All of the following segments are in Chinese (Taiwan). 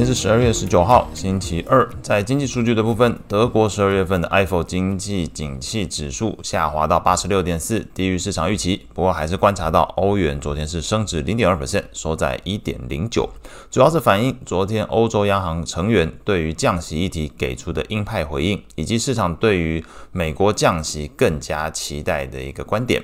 今天是十二月十九號，星期二。在經濟數據的部分，德國十二月份的 IFO 經濟景氣指數下滑到八十六點四，低於市場預期。不過，還是觀察到歐元昨天是升值零點二百分點，收在一點零九，主要是反映昨天歐洲央行成員對於降息議題給出的鷹派回應，以及市場對於美國降息更加期待的一個觀點。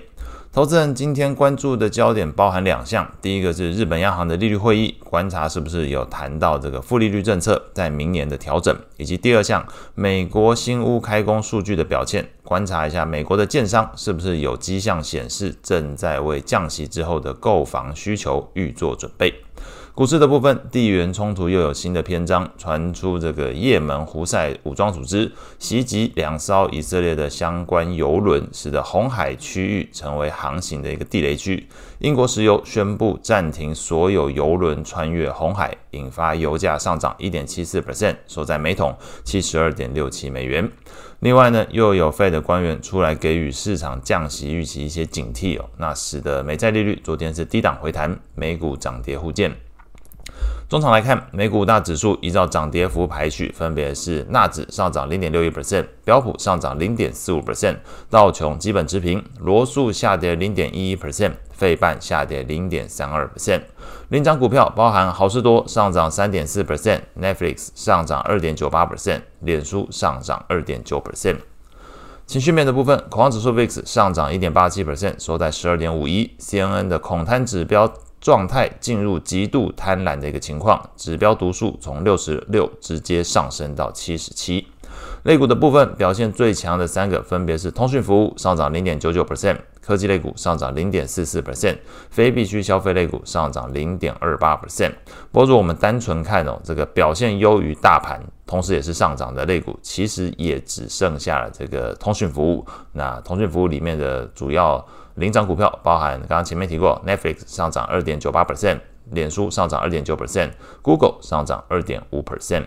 投資人今天關注的焦點包含兩項，第一個是日本央行的利率會議，觀察是不是有談到這個負利率政策在明年的調整，以及第二項，美國新屋開工數據的表現，觀察一下美國的建商是不是有跡象顯示，正在為降息之後的購房需求預做準備。股市的部分，地緣衝突又有新的篇章，傳出這個也門胡塞武裝組織襲擊兩艘以色列的相關油輪，使得紅海區域成為航行的一個地雷區。英國石油宣布暫停所有油輪穿越紅海，引發油價上漲一點七四 percent，收在每桶七十二點六七美元。另外呢，又有 Fed 的官員出來給予市場降息預期一些警惕哦，那使得美債利率昨天是低檔回彈，美股漲跌互見。終場來看，美股五大指數依照漲跌幅排序，分別是納指上漲零點六一百分，標普上漲零點四五百分，道瓊基本持平，羅素下跌零點一一百分，費半下跌零點三二百分。領漲股票包含好市多上漲三點四百分，Netflix 上漲二點九八百分，臉書上漲二點九百分。情緒面的部分，恐慌指數 VIX 上漲一點八七百分，收在十二點五一，CNN 的恐貪指標，狀態進入極度貪婪的一個情況，指標讀數從66直接上升到77。類股的部分表現最強的三個，分別是通訊服務上漲零點九九 percent，科技類股上漲零點四四 percent，非必需消費類股上漲零點二八 percent。不過，如果我們單純看哦，這個表現優於大盤，同時也是上漲的類股，其實也只剩下了這個通訊服務。那通訊服務裡面的主要領漲股票，包含剛剛前面提過，Netflix 上漲二點九八 percent，臉書上漲二點九 percent，Google 上漲二點五 percent。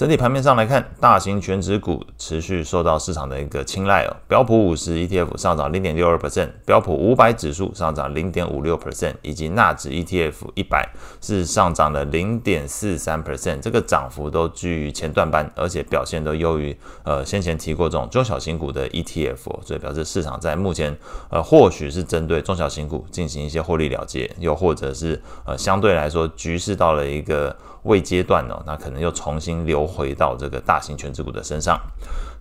整體盤面上來看，大型權值股持續受到市場的一個青睞哦。標普五十 ETF 上漲零點六二 percent，標普五百指數上漲零點五六 percent，以及納指 ETF 一百是上漲了零點四三 percent，這個漲幅都居於前段班，而且表現都優於呃先前提過這種中小型股的 ETF 哦，所以表示市場在目前呃或許是針對中小型股進行一些獲利了結，又或者是呃相對來說局勢到了一個。未階段哦，那可能又重新流回到這個大型權值股的身上。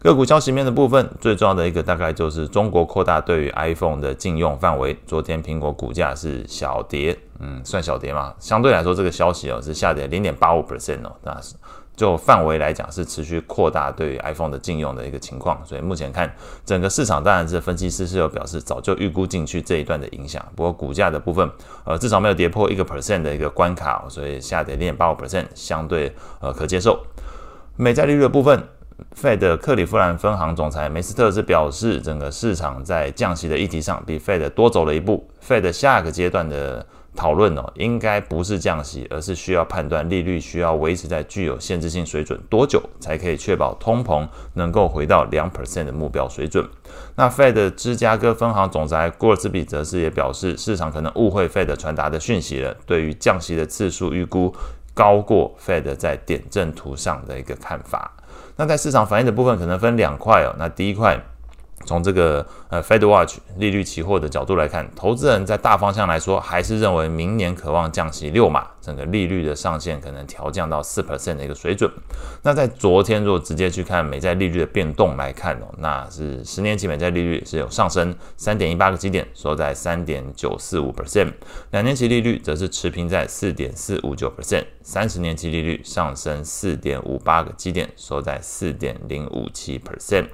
個股消息面的部分，最重要的一個大概就是中國擴大對於 iPhone 的禁用範圍。昨天蘋果股價是小跌，嗯，算小跌嘛，相對來說這個消息哦是下跌零點八五 percent 哦，那是。就範圍來講，是持續擴大對 iPhone 的禁用的一個情況，所以目前看整個市場，當然是分析師是有表示，早就預估進去這一段的影響。不過股價的部分，呃，至少沒有跌破一個 percent 的一個關卡，哦，所以下跌零點八五 percent 相對呃可接受。美債利率的部分，Fed 克里夫蘭分行總裁梅斯特是表示，整個市場在降息的議題上比 Fed 多走了一步，Fed 下個階段的。討論哦，應該不是降息，而是需要判斷利率需要維持在具有限制性水準多久，才可以確保通膨能夠回到兩 percent 的目標水準。那 Fed 芝加哥分行總裁古爾斯比則是也表示，市場可能誤會 Fed 傳達的訊息了，對於降息的次數預估高過 Fed 在點陣圖上的一個看法。那在市場反應的部分，可能分兩塊哦。那第一塊。從這個呃，Fed Watch 利率期貨的角度來看，投資人在大方向來說，還是認為明年可望降息六碼，整個利率的上限可能調降到四 percent 的一個水準。那在昨天，如果直接去看美債利率的變動來看哦，那是十年期美債利率是有上升三點一八個基點，收在三點九四五 percent；兩年期利率則是持平在四點四五九 percent；三十年期利率上升四點五八個基點，收在四點零五七 percent。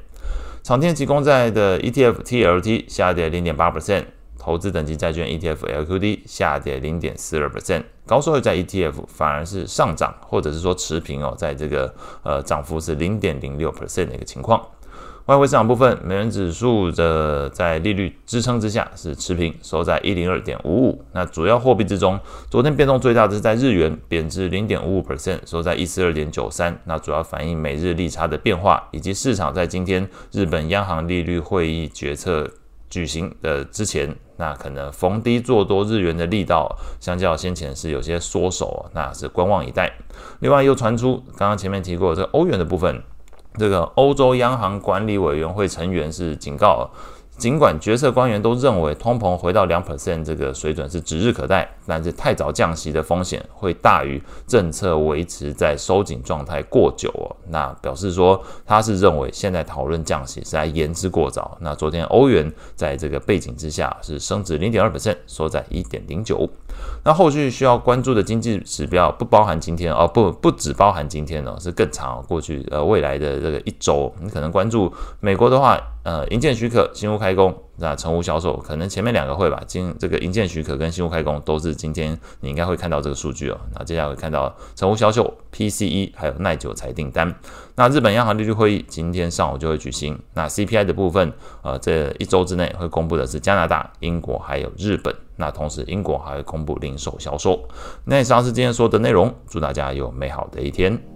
長天期公債的 ETF TLT 下跌零點八百分，投資等級債券 ETF LQD 下跌零點四二百分，高收益債 ETF 反而是上漲，或者是說持平哦，在這個呃漲幅是零點零六百分的一個情況。外匯市場部分，美元指數的在利率支撐之下是持平，收在一零二點五五。那主要貨幣之中，昨天變動最大的是在日元貶值零點五五 percent，收在一四二點九三。那主要反映美日利差的變化，以及市場在今天日本央行利率會議決策舉行的之前，那可能逢低做多日元的力道相較先前是有些縮手，那是觀望以待。另外又傳出剛剛前面提過這個歐元的部分。這個歐洲央行管理委員會成員是警告。儘管決策官員都認為通膨回到兩 percent 這個水準是指日可待，但是太早降息的風險會大於政策維持在收緊狀態過久哦。那表示說他是認為現在討論降息是在言之過早。那昨天歐元在這個背景之下是升值零點二 percent，收在一點零九。那後續需要關注的經濟指標不包含今天哦，不，不只包含今天哦，是更長過去呃未來的這個一週，你可能關注美國的話。呃，營建許可、新屋開工，那成屋銷售可能前面兩個會吧。今這個營建許可跟新屋開工都是今天你應該會看到這個數據哦。那接下來會看到成屋銷售、PCE 還有耐久財訂單。那日本央行利率會議今天上午就會舉行。那 CPI 的部分，呃，這一周之內會公布的是加拿大、英國還有日本。那同時英國還會公布零售銷售。那以上是今天說的內容。祝大家有美好的一天。